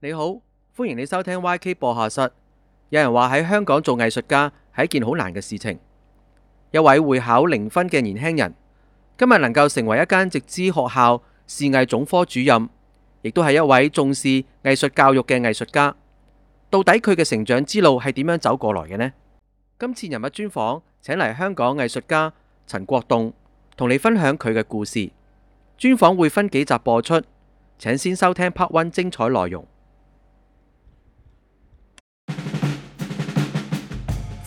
你好，歡迎你收聽 YK 播客室。有人話喺香港做藝術家係一件好難嘅事情。一位會考零分嘅年輕人，今日能夠成為一間直資學校視藝總科主任，亦都係一位重視藝術教育嘅藝術家。到底佢嘅成長之路係點樣走過來嘅呢？今次人物專訪請嚟香港藝術家陳國棟同你分享佢嘅故事。專訪會分幾集播出，請先收聽 part one 精彩內容。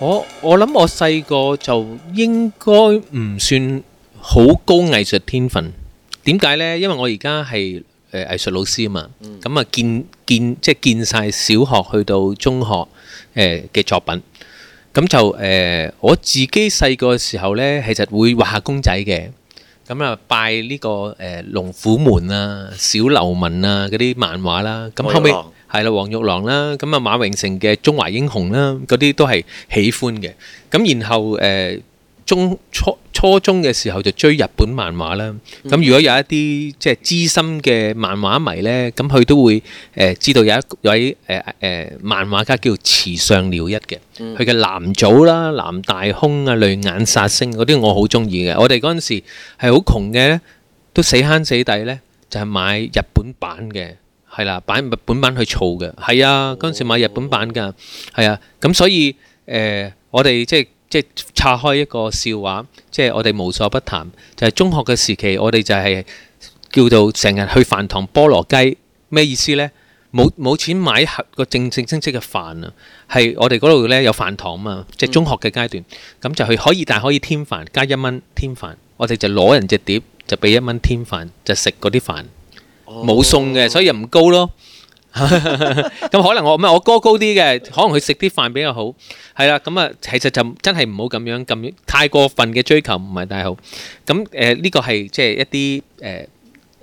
我我諗我細個就應該唔算好高藝術天分，點解呢？因為我而家係誒藝術老師啊嘛，咁啊、嗯、見見即係、就是、見晒小學去到中學嘅、呃、作品，咁就誒、呃、我自己細個嘅時候呢，其實會畫下公仔嘅，咁、呃、啊拜呢、這個誒龍、呃、虎門啊、小流氓啊嗰啲漫畫啦、啊，咁後尾。係啦，黃玉郎啦，咁啊馬榮成嘅《中華英雄》啦，嗰啲都係喜歡嘅。咁然後誒、呃、中初初中嘅時候就追日本漫畫啦。咁如果有一啲即係資深嘅漫畫迷呢，咁佢都會誒、呃、知道有一位誒誒、呃呃、漫畫家叫池上遼一嘅，佢嘅《男組》啦、《男大空》啊、《淚眼殺星》嗰啲我好中意嘅。我哋嗰陣時係好窮嘅都死慳死抵呢，就係、是、買日本版嘅。係啦，擺日本版去儲嘅，係啊，嗰陣、哦、時買日本版㗎，係啊，咁所以誒、呃，我哋即係即係岔開一個笑話，即係我哋無所不談，就係、是、中學嘅時期，我哋就係叫做成日去飯堂菠蘿雞，咩意思呢？冇冇錢買盒個正正式式嘅飯啊，係我哋嗰度呢有飯堂嘛，即、就、係、是、中學嘅階段，咁、嗯、就去可以，但係可以添飯加一蚊添飯，我哋就攞人隻碟就俾一蚊添飯，就食嗰啲飯。冇餸嘅，所以又唔高咯。咁可能我唔係，我哥高啲嘅，可能佢食啲飯比較好。係啦，咁啊，其實就真係唔好咁樣咁太過分嘅追求，唔係太好。咁誒，呢個係即係一啲誒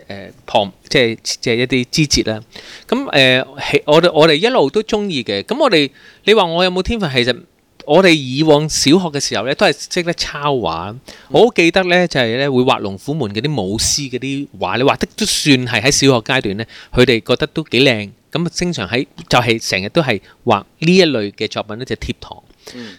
誒旁，即係即係一啲枝節啦。咁誒，我我哋一路都中意嘅。咁我哋，你話我有冇天分？其實。我哋以往小學嘅時候咧，都係識得抄畫。我好記得咧，就係咧會畫龍虎門嗰啲舞獅嗰啲畫，你畫得都算係喺小學階段咧，佢哋覺得都幾靚。咁啊，經常喺就係成日都係畫呢一類嘅作品咧，就貼堂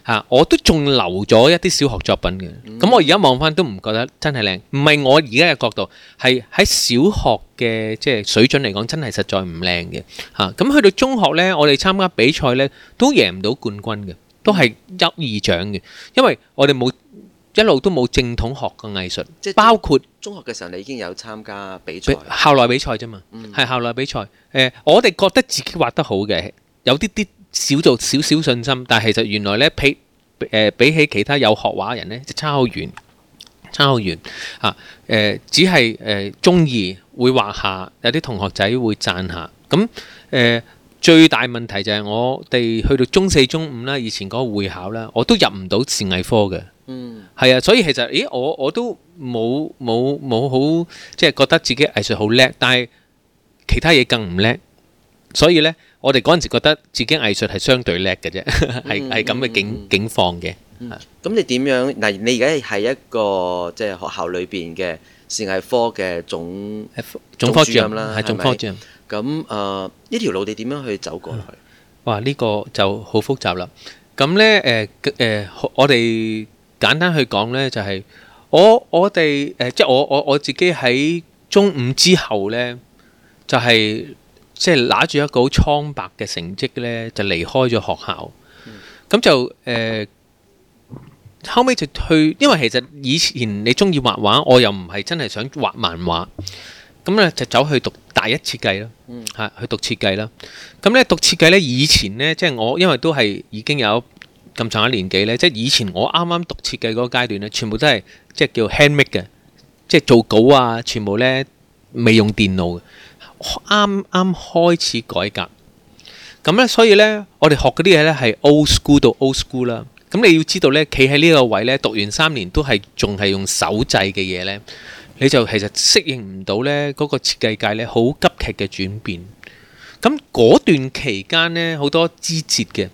嚇。我都仲留咗一啲小學作品嘅。咁我而家望翻都唔覺得真係靚，唔係我而家嘅角度係喺小學嘅即係水準嚟講，真係實在唔靚嘅嚇。咁去到中學咧，我哋參加比賽咧都贏唔到冠軍嘅，都係優異獎嘅，因為我哋冇一路都冇正統學嘅藝術，即係包括中學嘅時候，你已經有參加比賽，校內比賽啫嘛，係、嗯、校內比賽。誒，我哋覺得自己畫得好嘅，有啲啲少做少少信心，但係其實原來咧比誒、呃、比起其他有學畫人咧，差好遠，差好遠嚇。誒、啊呃，只係誒中意會畫下，有啲同學仔會讚下，咁誒。呃最大問題就係我哋去到中四、中五啦，以前嗰個會考啦，我都入唔到視藝科嘅。嗯，係啊，所以其實，咦，我我都冇冇冇好，即係覺得自己藝術好叻，但係其他嘢更唔叻。所以呢，我哋嗰陣時覺得自己藝術係相對叻嘅啫，係係咁嘅境境況嘅。咁、嗯、你點樣？嗱，你而家係一個即係、即係、學校裏邊嘅。是藝科嘅總總科主任啦，係吧總科主任。咁誒，呢條路你點樣去走過去？哇！呢個就好複雜啦。咁咧，誒、呃、誒、呃，我哋簡單去講咧，就係、是、我我哋誒、即、呃、係、就是、我我我自己喺中午之後咧，就係即係拿住一個好蒼白嘅成績咧，就離開咗學校。咁、嗯、就誒。呃後尾就去，因為其實以前你中意畫畫，我又唔係真係想畫漫畫，咁咧就走去讀第一設計咯，嚇去讀設計啦。咁咧讀設計咧，以前咧即係我因為都係已經有咁長一年紀咧，即係以前我啱啱讀設計嗰個階段咧，全部都係即係叫 handmade 嘅，即係做稿啊，全部咧未用電腦，啱啱開始改革。咁咧，所以咧我哋學嗰啲嘢咧係 old school 到 old school 啦。咁你要知道咧，企喺呢個位咧，讀完三年都係仲係用手製嘅嘢咧，你就其實適應唔到咧嗰個設計界咧好急劇嘅轉變。咁嗰段期間咧，好多枝節嘅，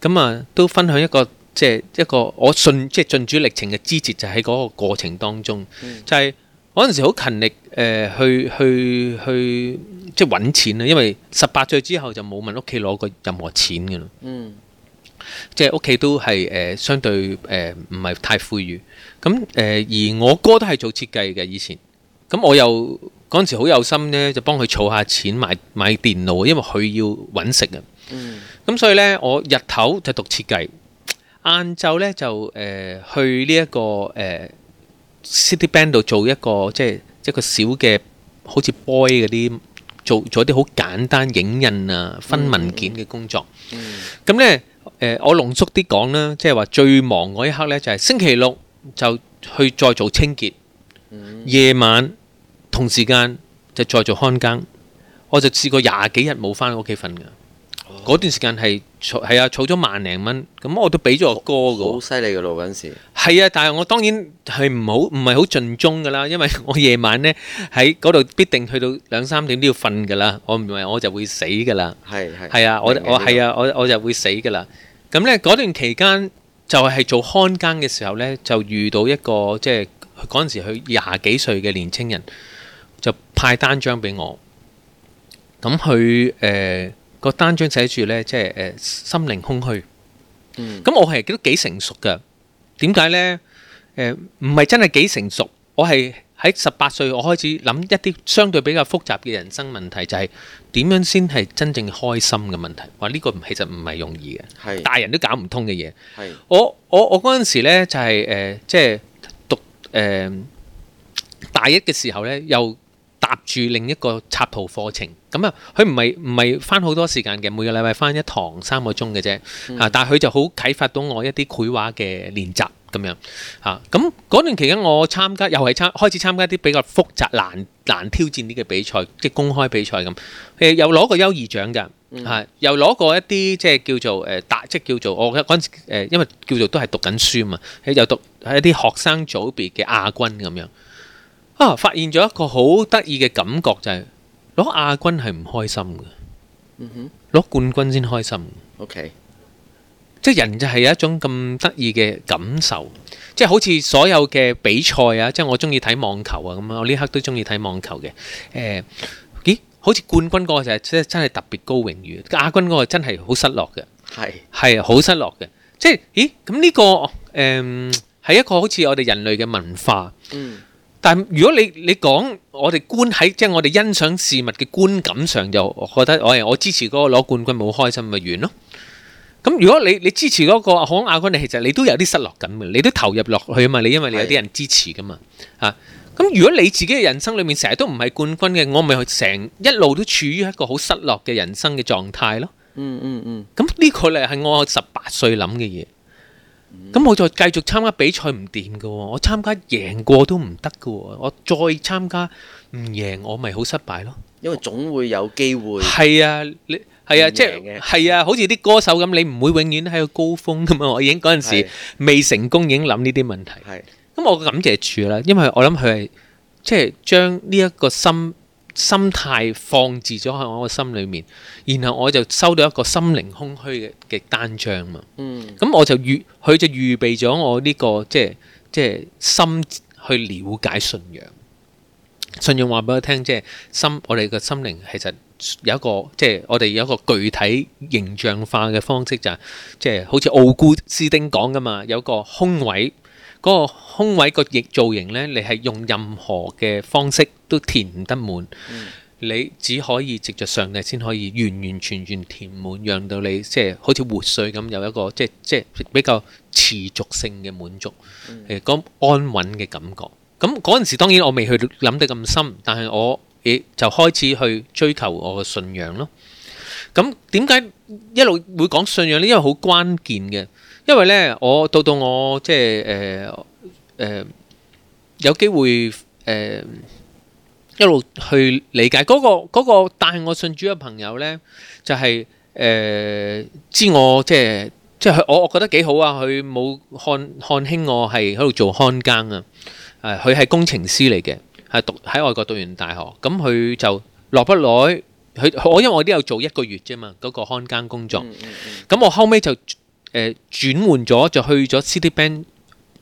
咁啊都分享一個即係一個,一個我順即係進主歷程嘅枝節，就喺嗰個過程當中，嗯、就係嗰陣時好勤力誒、呃、去去去,去即係揾錢啊，因為十八歲之後就冇問屋企攞過任何錢㗎啦。嗯。即係屋企都係誒相對誒唔係太富裕咁，誒、呃，而我哥都係做設計嘅以前，咁我又嗰陣時好有心咧，就幫佢儲下錢買買電腦，因為佢要搵食啊。咁、嗯、所以咧，我日頭就讀設計，晏晝咧就誒、呃、去呢、這、一個誒、呃、CityBand 度做一個即係一個小嘅好似 boy 嗰啲做做啲好簡單影印啊分文件嘅工作。咁咧、嗯。嗯嗯嗯誒，我濃縮啲講啦，即係話最忙嗰一刻咧，就係星期六就去再做清潔，夜晚同時間就再做看更。我就試過廿幾日冇翻屋企瞓㗎。嗰段時間係儲係啊，儲咗萬零蚊，咁我都俾咗我哥㗎。好犀利嘅路嗰陣時。係啊，但係我當然係唔好，唔係好盡忠㗎啦。因為我夜晚咧喺嗰度必定去到兩三點都要瞓㗎啦。我唔係我就會死㗎啦。係係。係啊，我我係啊，我我就會死㗎啦。咁咧嗰段期間就係係做看更嘅時候咧，就遇到一個即係嗰陣時佢廿幾歲嘅年輕人，就派單張俾我。咁佢誒個單張寫住咧，即係誒心靈空虛。嗯。咁我係都幾成熟噶。點解咧？誒唔係真係幾成熟，我係。喺十八歲，我開始諗一啲相對比較複雜嘅人生問題，就係、是、點樣先係真正開心嘅問題。話呢、這個其實唔係容易嘅，是的 大人都搞唔通嘅嘢是的。我我我嗰陣時呢就係、是、誒、呃，即係讀誒、呃、大一嘅時候呢，又搭住另一個插圖課程。咁啊，佢唔係唔係返好多時間嘅，每個禮拜返一堂三個鐘嘅啫。嗯、啊，但係佢就好啟發到我一啲繪畫嘅練習。咁樣嚇，咁嗰段期間我參加又係參開始參加啲比較複雜難難挑戰啲嘅比賽，即係公開比賽咁，誒又攞過優異獎㗎，係又攞過一啲即係叫做誒達，即係叫做我嗰陣誒，因為叫做都係讀緊書嘛，又讀喺一啲學生組別嘅亞軍咁樣。啊，發現咗一個好得意嘅感覺就係攞亞軍係唔開心嘅，攞冠軍先開心。OK。即係人就係有一種咁得意嘅感受，即係好似所有嘅比賽啊，即係我中意睇網球啊咁啊，我呢刻都中意睇網球嘅。誒、欸，咦？好似冠軍嗰個就係真真係特別高榮譽，亞軍嗰個真係好失落嘅。係係好失落嘅。即係咦？咁呢、這個誒係、嗯、一個好似我哋人類嘅文化。嗯、但如果你你講我哋觀喺即係我哋欣賞事物嘅觀感上，就我覺得我我支持嗰個攞冠軍，好開心咪完咯。咁如果你你支持嗰個康亞軍，你其實你都有啲失落緊嘅，你都投入落去啊嘛，你因為你有啲人支持噶嘛，嚇、啊。咁如果你自己嘅人生裏面成日都唔係冠軍嘅，我咪成一路都處於一個好失落嘅人生嘅狀態咯。嗯嗯嗯。咁、嗯、呢、嗯、個咧係我十八歲諗嘅嘢。咁我再繼續參加比賽唔掂嘅喎，我參加贏過都唔得嘅喎，我再參加唔贏我咪好失敗咯。因為總會有機會。係啊，你。係啊，即係，係啊，好似啲歌手咁，你唔會永遠喺個高峰咁嘛。我已經嗰陣時的未成功，已經諗呢啲問題。係咁的，我感謝住啦，因為我諗佢係即係將呢一個心心態放置咗喺我個心裏面，然後我就收到一個心靈空虛嘅嘅單張嘛。嗯，咁我就預，佢就預備咗我呢、這個即係即係心去了解信仰。信仰話俾我聽，即係心，我哋個心靈其實。有一個即係我哋有一個具體形象化嘅方式，就係即係好似奧古斯丁講㗎嘛，有一個空位，嗰個空位個形造型呢，你係用任何嘅方式都填唔得滿，你只可以藉著上帝先可以完完全全填滿，讓到你即係好似活水咁有一個即即比較持續性嘅滿足，誒嗰安穩嘅感覺。咁嗰陣時當然我未去諗得咁深，但係我就開始去追求我嘅信仰咯。咁點解一路會講信仰呢？因為好關鍵嘅。因為呢，我到到我即係誒有機會、呃、一路去理解嗰個嗰個。那個、帶我信主嘅朋友呢，就係、是、誒、呃、知我即係即係我我覺得幾好啊。佢冇看看輕我係喺度做看更啊。佢、呃、係工程師嚟嘅。係讀喺外國讀完大學，咁佢就落不耐，佢我因為我都有做一個月啫嘛，嗰個看更工作，咁我後尾就誒轉換咗，就去咗 Citibank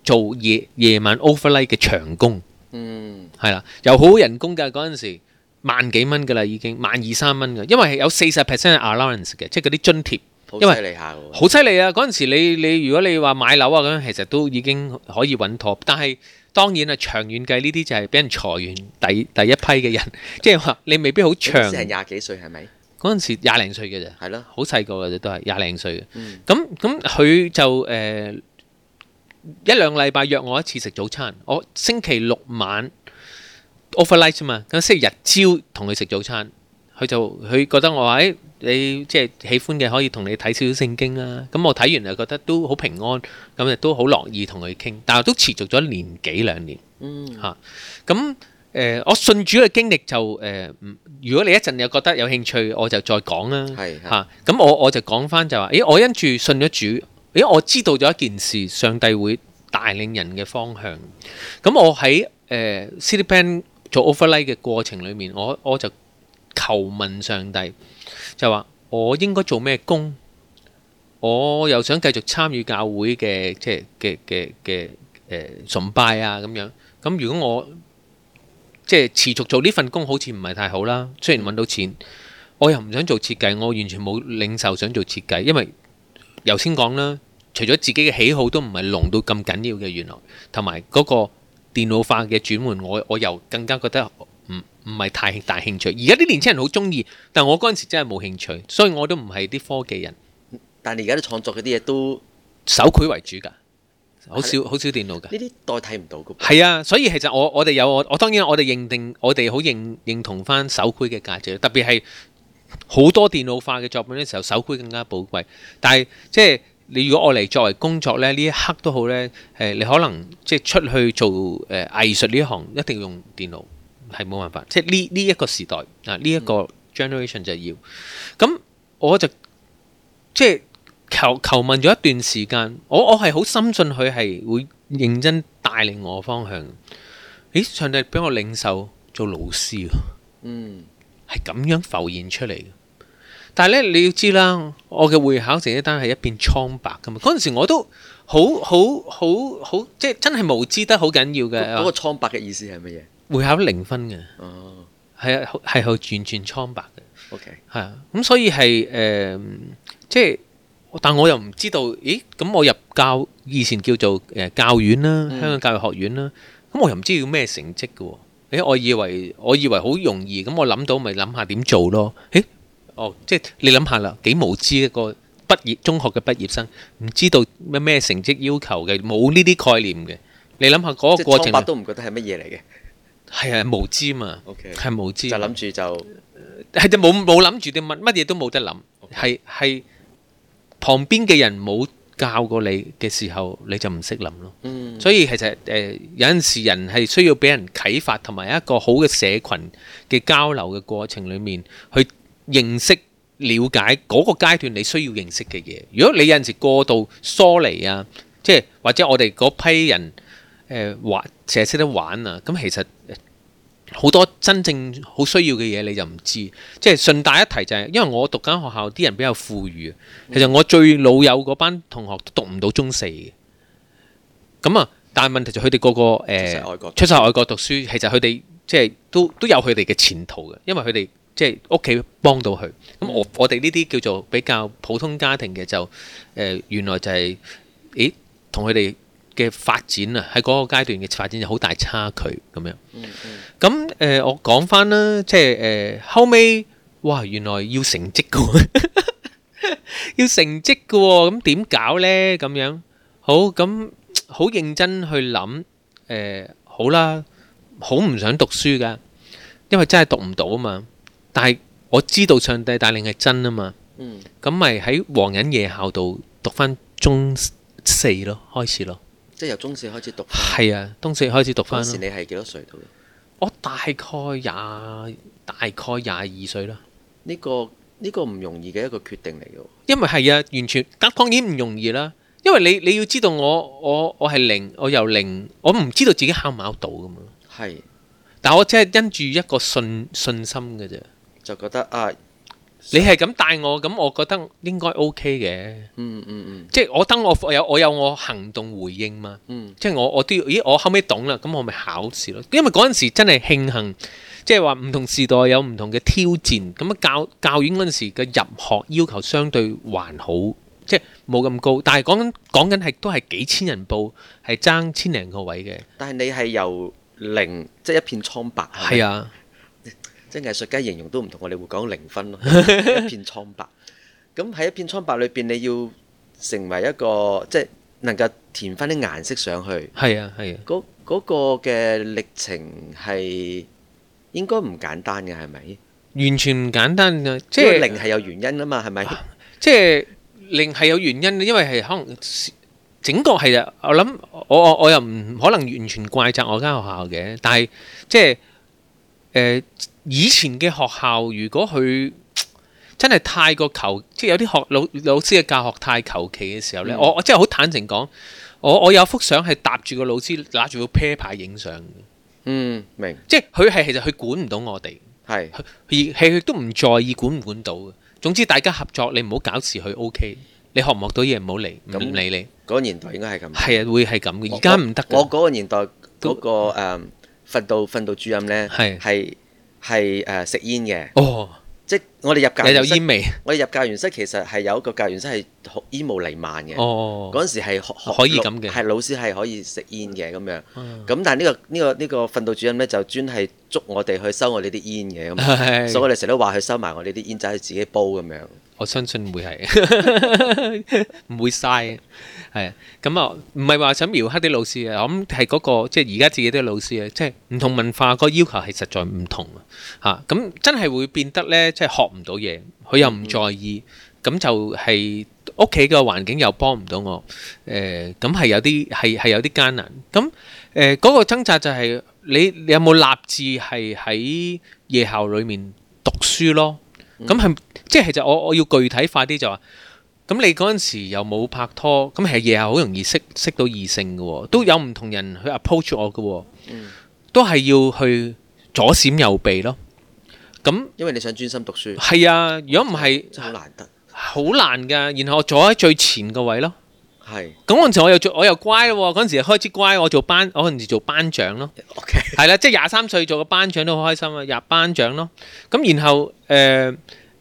做夜夜晚 overlight 嘅長工，嗯，係啦，又好人工㗎嗰陣時，萬幾蚊㗎啦已經，萬二三蚊㗎，因為有四十 percent allowance 嘅，即係嗰啲津貼，好犀利下，好犀利啊！嗰陣時你你如果你話買樓啊咁樣，其實都已經可以穩妥，但係。當然啦，長遠計呢啲就係俾人裁員第一第一批嘅人，即係話你未必好長。成廿幾歲係咪？嗰陣時廿零歲嘅啫，係咯是的，好細個嘅啫，都係廿零歲嘅。咁咁佢就誒、呃、一兩禮拜約我一次食早餐，我星期六晚 overnight 啊嘛，咁星期日朝同佢食早餐，佢就佢覺得我喺。哎你即係喜歡嘅，可以同你睇少少聖經啦、啊。咁我睇完又覺得都好平安，咁亦都好樂意同佢傾。但係都持續咗年幾兩年。嗯，嚇、啊。咁誒、呃，我信主嘅經歷就誒、呃，如果你一陣又覺得有興趣，我就再講啦。係的，嚇、啊。咁我我就講翻就話，咦，我因住信咗主，咦，我知道咗一件事，上帝會帶領人嘅方向。咁、啊、我喺誒 Cityplan 做 overlay 嘅過程裏面，我我就求問上帝。就話我應該做咩工？我又想繼續參與教會嘅即係嘅嘅嘅崇拜啊，咁樣。咁如果我即係持續做呢份工，好似唔係太好啦。雖然揾到錢，我又唔想做設計，我完全冇領受想做設計，因為頭先講啦，除咗自己嘅喜好都唔係濃到咁緊要嘅原來，同埋嗰個電腦化嘅轉換，我我又更加覺得。唔唔係太大興趣，而家啲年青人好鍾意，但我嗰陣時真係冇興趣，所以我都唔係啲科技人。但你而家啲創作嗰啲嘢都手繪為主㗎，好少好少電腦㗎。呢啲代替唔到㗎。係啊，所以其實我我哋有我我當然我哋認定我哋好認認同返手繪嘅價值，特別係好多電腦化嘅作品嘅時候，手繪更加寶貴。但係即係你如果我嚟作為工作咧，呢一刻都好咧。誒，你可能即係出去做誒藝術呢一行，一定要用電腦。係冇辦法，即係呢呢一個時代，嗯、啊，呢、這、一個 generation 就要咁，我就即係求求問咗一段時間，我我係好深信佢係會認真帶領我方向。咦，上帝俾我領受做老師，嗯，係咁樣浮現出嚟，但係咧，你要知啦，我嘅會考成績單係一片蒼白噶嘛。嗰陣時我都好好好好，即係真係無知得好緊要嘅。嗰、那個蒼白嘅意思係乜嘢？會考零分嘅，係啊、哦，係去轉轉蒼白嘅。OK，係啊，咁所以係誒、呃，即係，但我又唔知道，咦？咁我入教以前叫做誒教院啦，香港教育學院啦，咁、嗯、我又唔知要咩成績嘅。誒，我以為我以為好容易，咁我諗到咪諗下點做咯？誒，哦，即係你諗下啦，幾無知一、嗰個畢業中學嘅畢業生，唔知道咩咩成績要求嘅，冇呢啲概念嘅。你諗下嗰個過程都唔覺得係乜嘢嚟嘅。係啊，無知嘛，OK，係無知就諗住就，係就冇冇諗住啲乜乜嘢，都冇得諗，係係旁邊嘅人冇教過你嘅時候，你就唔識諗咯。嗯，所以其實誒有陣時人係需要俾人啟發，同埋一個好嘅社群嘅交流嘅過程裏面，去認識了解嗰個階段你需要認識嘅嘢。如果你有陣時過度疏離啊，即係或者我哋嗰批人。誒、呃、玩，成日識得玩啊！咁其實好多真正好需要嘅嘢，你就唔知。即係順帶一提、就係，就係因為我讀間學校啲人比較富裕，嗯、其實我最老友嗰班同學都讀唔到中四嘅。咁啊，但係問題就佢哋個個誒、呃、出晒外國讀書，其實佢哋即係都都有佢哋嘅前途嘅，因為佢哋即係屋企幫到佢。咁、嗯、我我哋呢啲叫做比較普通家庭嘅，就、呃、誒原來就係咦同佢哋嘅發展啊，喺嗰個階段嘅發展有好大差距咁樣。咁誒，我講翻啦，即係誒後尾哇，原來要成績嘅，要成績嘅，咁點搞咧？咁樣好咁好認真去諗誒，好啦，好唔想讀書噶，因為真係讀唔到啊嘛。但係我知道上帝帶領係真啊嘛。嗯，咁咪喺黃仁夜校度讀翻中四咯，開始咯。即係由中四開始讀係啊，中四開始讀翻嗰時你係幾多歲到嘅？我大概廿大概廿二歲啦。呢個呢個唔容易嘅一個決定嚟嘅。因為係啊，完全，但係當然唔容易啦。因為你你要知道我我我係零，我由零，我唔知道自己考唔考到咁咯。係，但我即係因住一個信信心嘅啫，就覺得啊。你係咁帶我，咁我覺得應該 OK 嘅、嗯。嗯嗯嗯，即係我等我，我有我有我行動回應嘛。嗯，即係我我都要咦？我後尾懂啦，咁我咪考試咯。因為嗰陣時真係慶幸，即係話唔同時代有唔同嘅挑戰。咁啊，教教院嗰陣時嘅入學要求相對還好，即係冇咁高。但係講講緊係都係幾千人報，係爭千零個位嘅。但係你係由零，即係一片蒼白。係啊。即係藝術家形容都唔同，我哋會講零分咯，一片蒼白。咁喺 一片蒼白裏邊，你要成為一個即係能夠填翻啲顏色上去。係啊，係啊，係啊。嗰個嘅歷程係應該唔簡單嘅，係咪？完全唔簡單㗎！即係零係有原因啊嘛，係咪？即係零係有原因，因為係可能整個係啊。我諗我我我又唔可能完全怪責我間學校嘅，但係即係。誒、呃，以前嘅學校如果佢真係太過求，即係有啲學老老師嘅教學太求其嘅時候咧、嗯，我我真係好坦誠講，我我有幅相係搭住個老師攞住副啤牌影相。嗯，明，即係佢係其實佢管唔到我哋，係而係佢都唔在意管唔管到。總之大家合作，你唔好搞事，佢 OK。你學唔學到嘢唔好嚟，唔理，理你。嗰、嗰個年代應該係咁，係啊，會係咁嘅。而家唔得。我嗰個年代嗰、嗰個誒。嗰個嗰個嗰個訓導訓導主任呢係係係食煙嘅哦，即係我哋入教員室，有煙味，我哋入教員室其實係有一個教員室係學煙霧彌漫嘅，嗰陣時係可以咁嘅，係老師係可以食煙嘅咁樣。咁、嗯、但係、呢、呢個呢、呢個呢、呢個、呢個、訓導主任呢，就專係捉我哋去收我哋啲煙嘅，咁，是所以我哋成日都話佢收埋我哋啲煙仔去自己煲咁樣。我相信會係唔 會嘥嘅，係啊，咁啊，唔係話想抹黑啲老師啊，我諗係嗰個即係而家自己啲老師啊。即係唔同文化個要求係實在唔同啊，嚇咁真係會變得咧，即係學唔到嘢，佢又唔在意，咁、嗯、就係屋企個環境又幫唔到我，誒、呃，咁係有啲係係有啲艱難，咁誒嗰個掙扎就係、是、你，你有冇立志係喺夜校裏面讀書咯？咁係，即係其實我我要具體化啲就話，咁你嗰陣時又冇拍拖，咁其實夜係好容易識識到異性嘅喎、哦，都有唔同人去 approach 我嘅喎、哦，嗯、都係要去左閃右避咯。咁因為你想專心讀書，係啊，如果唔係真係好難得，好難㗎。然後我坐喺最前個位咯。係，咁嗰陣時我又我又乖咯。嗰陣時開始乖，我做班，我嗰陣時做班長咯。OK，係啦，即係廿三歲做個班長都好開心啊，廿班長咯。咁然後誒誒，呃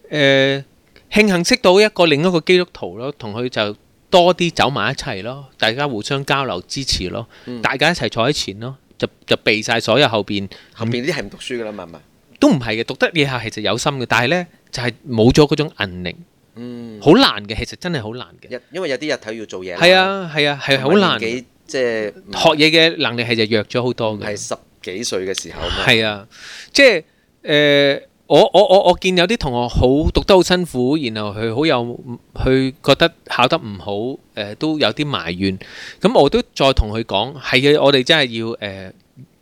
呃、慶幸識到一個另一個基督徒咯，同佢就多啲走埋一齊咯，大家互相交流支持咯，嗯、大家一齊坐喺前咯，就就避晒所有後邊後邊啲係唔讀書噶啦嘛嘛，不都唔係嘅，讀得嘢係其實有心嘅，但係咧就係冇咗嗰種毅力。嗯，好難嘅，其實真係好難嘅。因為有啲日頭要做嘢。係啊，係啊，係好、啊、難。即係學嘢嘅能力係就弱咗好多嘅。係十幾歲嘅時候。係啊，即係誒、呃，我我我我見有啲同學好讀得好辛苦，然後佢好有佢覺得考得唔好，誒、呃、都有啲埋怨。咁我都再同佢講，係嘅，我哋真係要誒。呃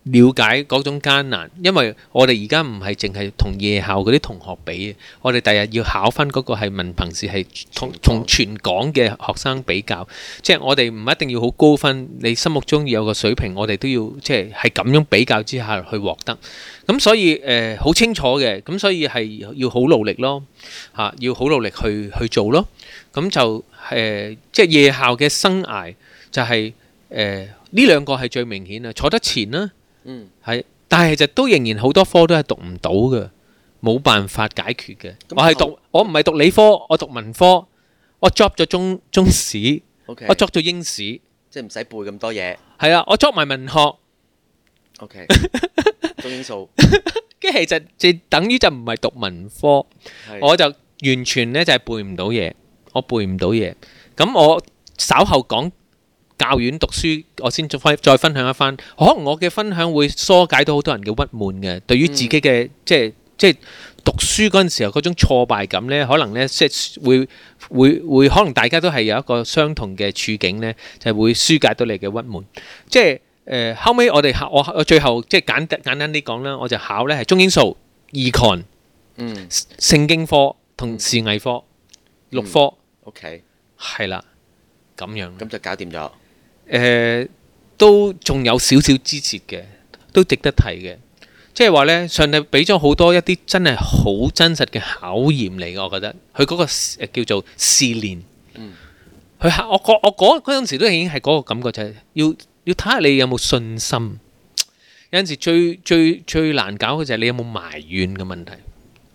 了解嗰種艱難，因為我哋而家唔係淨係同夜校嗰啲同學比啊！我哋第日要考翻嗰個係文憑試，係同同全港嘅學生比較，即係我哋唔一定要好高分。你心目中要有個水平，我哋都要即係係咁樣比較之下去獲得。咁所以誒，好清楚嘅，咁所以係要好努力咯，嚇要好努力去去做咯。咁就誒，即係夜校嘅生涯就係誒呢兩個係最明顯啊，坐得前啦。嗯，係，但係其實都仍然好多科都係讀唔到嘅，冇辦法解決嘅。我係讀，我唔係讀理科，我讀文科。我 drop 咗中中史，OK，我 drop 咗英史，即係唔使背咁多嘢。係啊，我 drop 埋文學。OK，中英數，跟住其實就等於就唔係讀文科，我就完全咧就係背唔到嘢，我背唔到嘢。咁我稍後講。教院讀書，我先再再分享一番。可能我嘅分享會疏解到好多人嘅鬱悶嘅，對於自己嘅即係即係讀書嗰陣時候嗰種挫敗感呢，可能呢，即係會會會，可能大家都係有一個相同嘅處境呢，就係、是、會疏解到你嘅鬱悶。即係誒、呃、後尾我哋我我最後即係簡簡單啲講啦，我就考呢係中英數 Econ，嗯，聖經科同視藝科六科、嗯嗯、OK，係啦，咁樣，咁就搞掂咗。誒、呃、都仲有少少支持嘅，都值得提嘅。即係話呢，上帝俾咗好多一啲真係好真實嘅考驗嚟，我覺得佢嗰、那個、呃、叫做試煉。佢嚇、嗯、我個我嗰陣時都已經係嗰個感覺，就係、是、要要睇下你有冇信心。有陣時最最最難搞嘅就係你有冇埋怨嘅問題。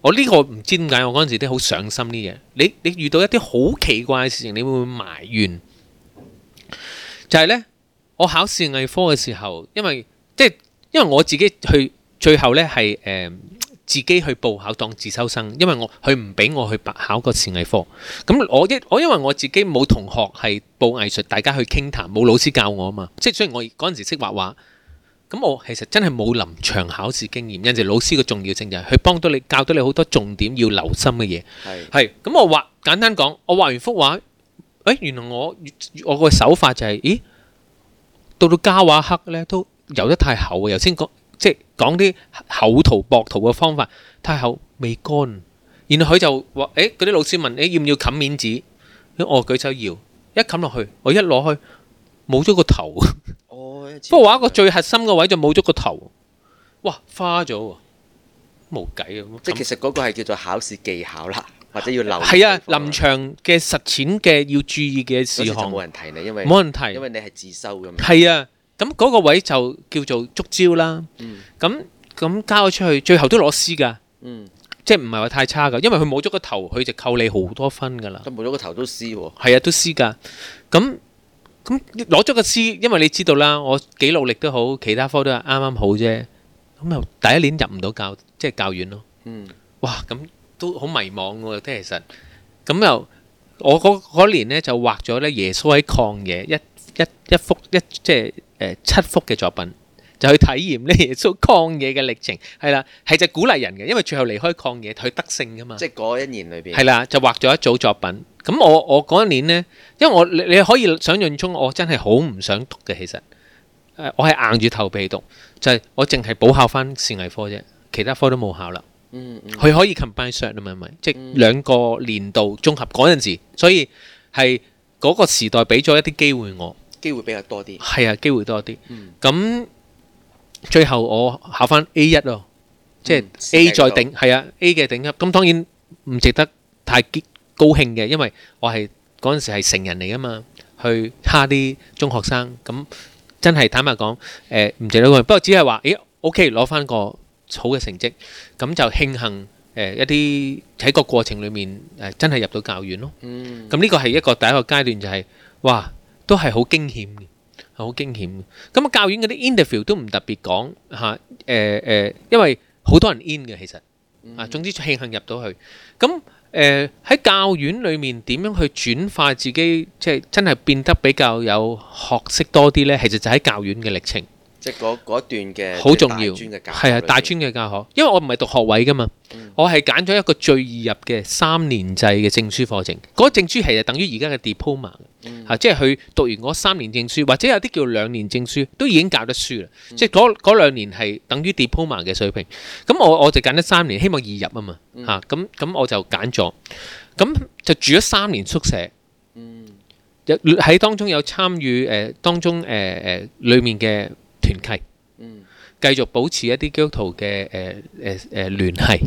我呢個唔知點解，我嗰陣時都好上心啲嘢。你你遇到一啲好奇怪嘅事情，你會唔會埋怨？就係呢，我考視藝科嘅時候，因為即係因為我自己去最後呢係誒、呃、自己去報考當自修生，因為我佢唔俾我去白考個視藝科。咁我一我因為我自己冇同學係報藝術，大家去傾談，冇老師教我啊嘛。即係雖然我嗰陣時識畫畫，咁我其實真係冇臨場考試經驗。因此老師嘅重要性就係佢幫到你教到你好多重點要留心嘅嘢。係係咁我畫簡單講，我畫完幅畫。誒、欸，原來我我個手法就係、是，咦，到到加畫刻咧都油得太厚啊！頭先講即係講啲厚塗薄塗嘅方法，太厚未乾，然後佢就話，誒，嗰啲老師問，你，要唔要冚面紙？我舉手要，一冚落去，我一攞去，冇咗個頭。 哦，不過畫一個最核心嘅位就冇咗個頭，哇，花咗啊！冇計啊！即係其實嗰個係叫做考試技巧啦。或者要留係啊臨場嘅實踐嘅要注意嘅事項，冇人提你，因為冇人提，因為你係自修咁。係啊，咁嗰個位就叫做觸礁啦。嗯，咁咁交咗出去，最後都攞 C 㗎。嗯，即係唔係話太差㗎？因為佢冇咗個頭，佢就扣你好多分㗎啦。咁冇咗個頭都 C 喎。係啊，都 C 㗎。咁咁攞咗個 C，因為你知道啦，我幾努力都好，其他科都係啱啱好啫。咁又第一年入唔到教，即係教院咯。嗯，哇咁。都好迷茫喎，即係實咁又我，嗰嗰年咧就畫咗咧耶穌喺曠野一一一幅一，即係誒七幅嘅作品，就去體驗呢耶穌曠野嘅歷程，係啦，係就鼓勵人嘅，因為最後離開曠野佢得勝㗎嘛。即係嗰一年裏邊，係啦，就畫咗一組作品。咁我我嗰一年咧，因為我你你可以想像中，我真係好唔想讀嘅，其實誒我係硬住頭皮讀，就係我淨係補考返視藝科啫，其他科都冇考啦。嗯，佢可以 combine share 啊你明唔明？即係兩個年度綜合嗰陣時，所以係嗰個時代俾咗一啲機會我，機會比較多啲，係啊，機會多啲。咁最後我考翻 A 一咯，即係 A 再頂，係啊 A 嘅頂級。咁當然唔值得太高高興嘅，因為我係嗰陣時係成人嚟啊嘛，去蝦啲中學生，咁真係坦白講，誒唔值得。不過只係話，誒 OK，攞翻個。好嘅成績，咁就慶幸誒一啲喺個過程裏面誒真係入到教院咯。咁呢個係一個第一個階段，就係哇都係好驚險嘅，好驚險嘅。咁教院嗰啲 interview 都唔特別講吓誒誒，因為好多人 in 嘅其實啊，總之慶幸入到去。咁誒喺教院裏面點樣去轉化自己，即係真係變得比較有學識多啲呢？其實就喺教院嘅歷程。即係嗰段嘅好重要，係啊，大專嘅教學，因為我唔係讀學位噶嘛，嗯、我係揀咗一個最易入嘅三年制嘅證書課程。嗰、嗰個、證書係就等於而家嘅 diploma 嚇，即係佢讀完嗰三年證書，或者有啲叫兩年證書，都已經教得書啦。嗯、即係嗰兩年係等於 diploma 嘅水平。咁我我就揀咗三年，希望易入嘛啊嘛嚇。咁咁我就揀咗，咁就住咗三年宿舍。嗯，喺、嗯、當中有參與誒，當中誒誒、呃、裡面嘅，團契，嗯，繼續保持一啲基督徒嘅誒誒誒聯繫，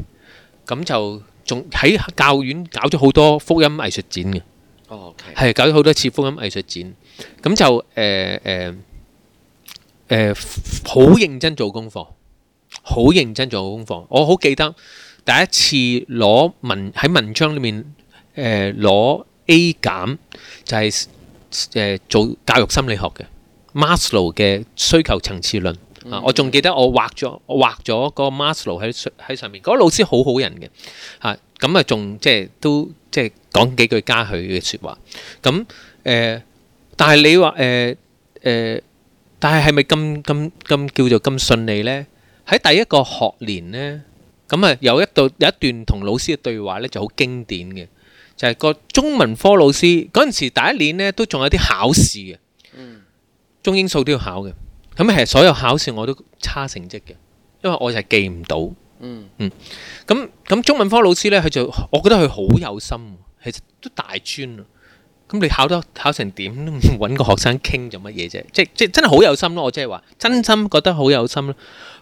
咁就仲喺教院搞咗好多福音藝術展嘅。哦，係，係搞咗好多次福音藝術展，咁就誒誒誒，好認真做功課，好認真做功課。我好記得第一次攞文喺文章裏面，誒攞 A 減，就係誒做教育心理學嘅，馬斯洛嘅需求層次論啊，我仲記得我畫咗我畫咗個馬斯洛喺喺上面。嗰個老師好好人嘅嚇，咁啊仲即係都即係講幾句嘉許嘅説話。咁誒，但係你話誒誒，但係係咪咁咁咁叫做咁順利咧？喺第一個學年咧，咁啊有一度有一段同老師嘅對話咧，就好經典嘅，就係個中文科老師嗰陣時第一年咧，都仲有啲考試嘅。嗯中英數都要考嘅，咁其實所有考試我都差成績嘅，因為我就係記唔到。嗯嗯，咁咁、嗯、中文科老師咧，佢就我覺得佢好有心。其實都大專，咁你考得考成點？揾個學生傾做乜嘢啫？即即真係好有心咯，我即係話真心覺得好有心咯。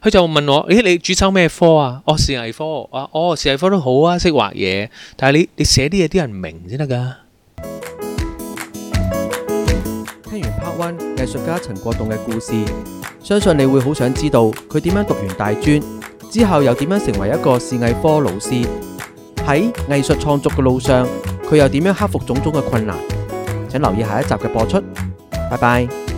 佢就問我，咦，你主修咩科啊？哦，視藝科。啊，哦，視藝科都好啊，識畫嘢。但係你你寫啲嘢，啲人明先得㗎。灣藝術家陳國棟嘅故事，相信你會好想知道佢點樣讀完大專之後，又點樣成為一個視藝科老師。喺藝術創作嘅路上，佢又點樣克服種種嘅困難？請留意下一集嘅播出。拜拜。